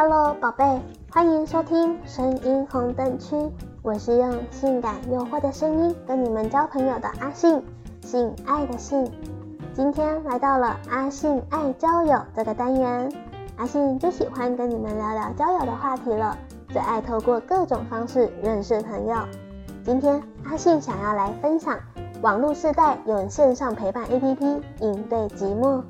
Hello，寶貝，歡迎收聽聲音紅燈區。我是用性感誘惑的聲音跟你們交朋友的阿性，性愛的性。今天來到了阿性愛交友這個單元，阿性最喜歡跟你們聊聊交友的話題了，最愛透過各種方式認識朋友。今天阿性想要來分享網絡世代用線上陪伴 APP 應對寂寞，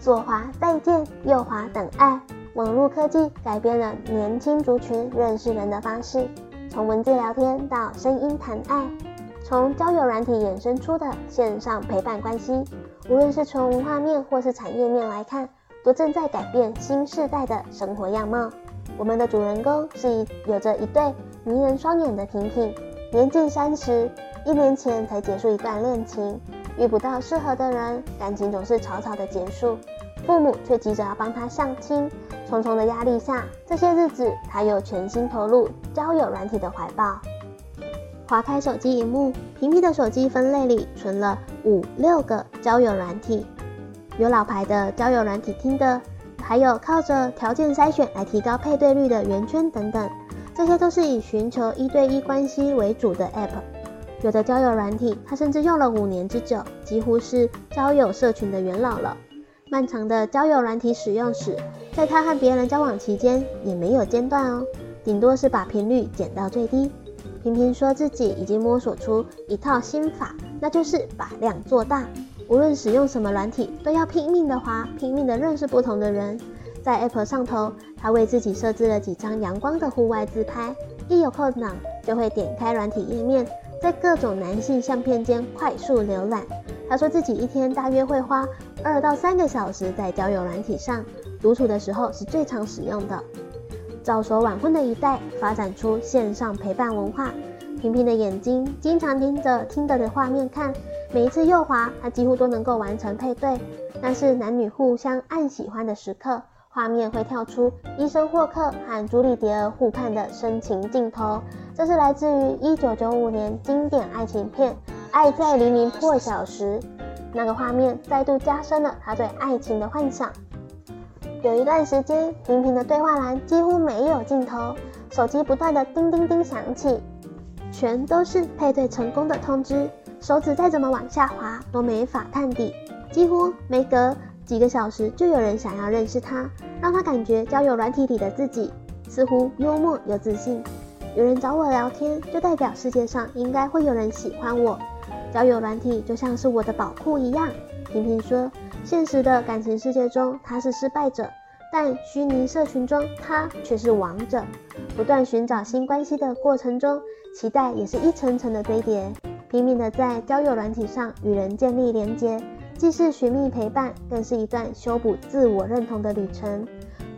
左滑再見，右滑等愛。網絡科技改變了年輕族群認識人的方式，從文字聊天到聲音談愛，從交友軟體衍生出的線上陪伴關係，無論是從文化面或是產業面來看，都正在改變新世代的生活樣貌。我們的主人公是一有着一對迷人雙眼的萍萍，年近三十，一年前才結束一段戀情，遇不到適合的人，感情總是草草的結束。父母卻急着要幫他相親，重重的壓力下，這些日子他又全心投入交友軟體的懷抱。劃開手機熒幕，屏蔽的手機分類裡存了五六個交友軟體，有老牌的交友軟體 “Tinder”，還有靠着條件篩選來提高配對率的“圓圈”等等，這些都是以尋求一對一關係為主的 App。有的交友軟體，他甚至用了五年之久，幾乎是交友社群的元老了。漫長的交友軟體使用史，在他和別人交往期間也沒有間斷哦，頂多是把頻率減到最低。平平說自己已經摸索出一套心法，那就是把量做大。無論使用什麼軟體，都要拼命的滑，拼命的認識不同的人。在 App 上頭，他為自己設置了幾張陽光的戶外自拍，一有空檔就會點開軟體頁面，在各種男性相片間快速瀏覽。他說自己一天大約會花二到三個小時在交友軟體上，獨處的時候是最常使用的。早熟晚婚的一代發展出線上陪伴文化，平平的眼睛經常盯着聽，著聽著的的畫面看，每一次右滑他幾乎都能夠完成配對。那是男女互相按喜歡的時刻，畫面會跳出醫生霍克和朱莉·蝶兒互看的深情鏡頭，這是來自於一九九五年經典愛情片，愛在黎明破曉時，那個畫面再度加深了他對愛情的幻想。有一段時間，頻頻的對話欄幾乎沒有盡頭，手機不斷的叮叮叮響起，全都是配對成功的通知。手指再怎麼往下滑都沒法探底，幾乎每隔幾個小時就有人想要認識他，讓他感覺交友軟體裡的自己似乎幽默又自信。有人找我聊天，就代表世界上應該會有人喜歡我。交友軟體就像是我的寶庫一樣，平平說。現實的感情世界中，他是失敗者，但虛擬社群中，他卻是王者。不斷尋找新關係的過程中，期待也是一層層的堆疊，拼命的在交友軟體上與人建立連接，既是尋覓陪伴，更是一段修補自我認同的旅程。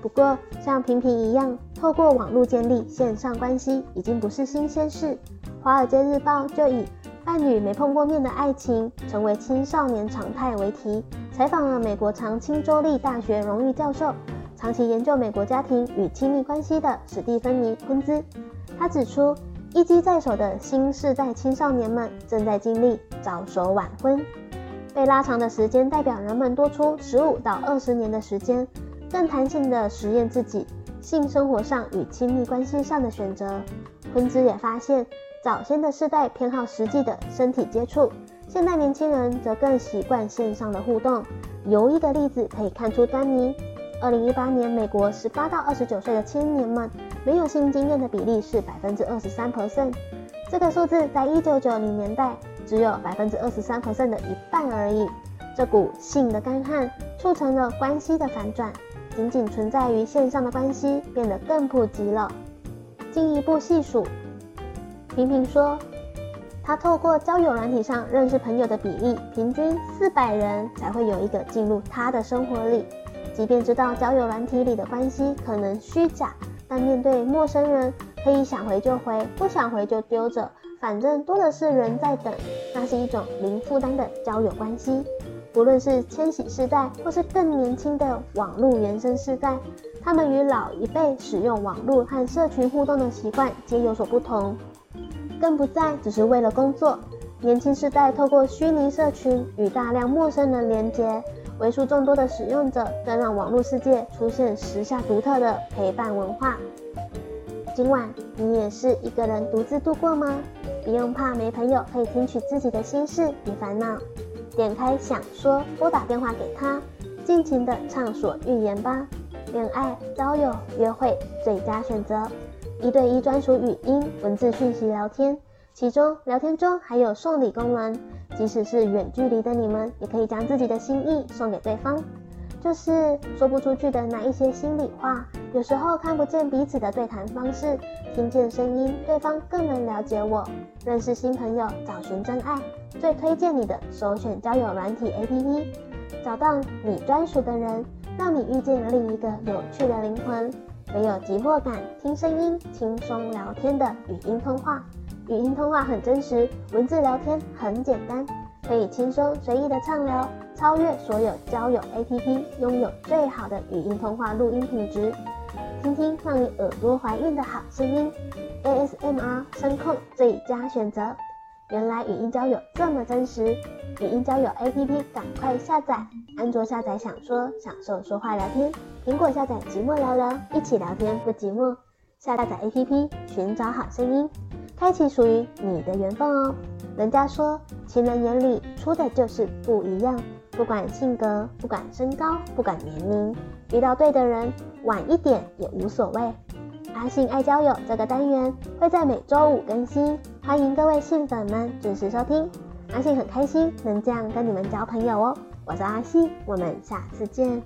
不過，像平平一樣，透過網絡建立線上關係，已經不是新鮮事。《華爾街日報》就以。伴侶沒碰過面的愛情成為青少年常態為題，採訪了美國長青州立大學榮譽教授、長期研究美國家庭與親密關係的史蒂芬妮·昆茲。她指出，一機在手的新世代青少年們正在經歷早熟晚婚，被拉長的時間代表人們多出十五到二十年的時間，更彈性的實驗自己性生活上與親密關係上的選擇。昆茲也發現。早先的世代偏好實際的身體接觸，現代年輕人則更習慣線上的互動。由一個例子可以看出端倪，二零一八年美國十八到二十九歲的青年們沒有性經驗的比例是百分之二十三 percent，這個數字在一九九零年代只有百分之二十三 percent 的一半而已。這股性的乾旱促成了關係的反轉，僅僅存在於線上的關係變得更普及了。進一步細數。平平說：“他透過交友軟體上認識朋友的比例，平均四百人才會有一個進入他的生活裡。即便知道交友軟體裡的關係可能虛假，但面對陌生人，可以想回就回，不想回就丟着，反正多的是人在等。那是一種零負擔的交友關係。不論是千禧世代或是更年輕的網絡原生世代，他們與老一輩使用網絡和社群互動的習慣皆有所不同。”更不再，只是為了工作。年輕時代透過虛擬社群與大量陌生人連結，為數眾多的使用者更讓網絡世界出現時下獨特的陪伴文化。今晚你也是一個人獨自度過嗎？不用怕沒朋友，可以聽取自己的心事與煩惱。點開「享說」，撥打電話給他，盡情的暢所欲言吧。戀愛、交友、約會最佳選擇。一對一專屬語音、文字訊息聊天，其中聊天中還有送禮功能。即使是遠距離的你們，也可以將自己的心意送給對方，就是說不出去的那一些心裡話。有時候看不見彼此的對談方式，聽見聲音，對方更能了解我，認識新朋友，找尋真愛。最推薦你的首選交友軟體 APP，找到你專屬的人，讓你遇見另一個有趣的靈魂。沒有急迫感，聽聲音輕鬆聊天的語音通話，語音通話很真實，文字聊天很簡單，可以輕鬆隨意的暢聊，超越所有交友 APP，擁有最好的語音通話錄音品質，聽聽讓你耳朵懷孕的好聲音，ASMR 聲控最佳選擇。原來語音交友這麼真實，語音交友 APP 趕快下載，安卓下載享說享受說話聊天，蘋果下載寂寞聊聊，一起聊天不寂寞。下載 APP 尋找好聲音，開啟屬於你的緣分哦。人家說情人眼裡出的就是不一樣，不管性格，不管身高，不管年齡，遇到對的人，晚一點也無所謂。阿性愛交友這個單元會在每周五更新。歡迎各位性粉們準時收聽，阿性很開心能這樣跟你們交朋友哦，我是阿性，我們下次見。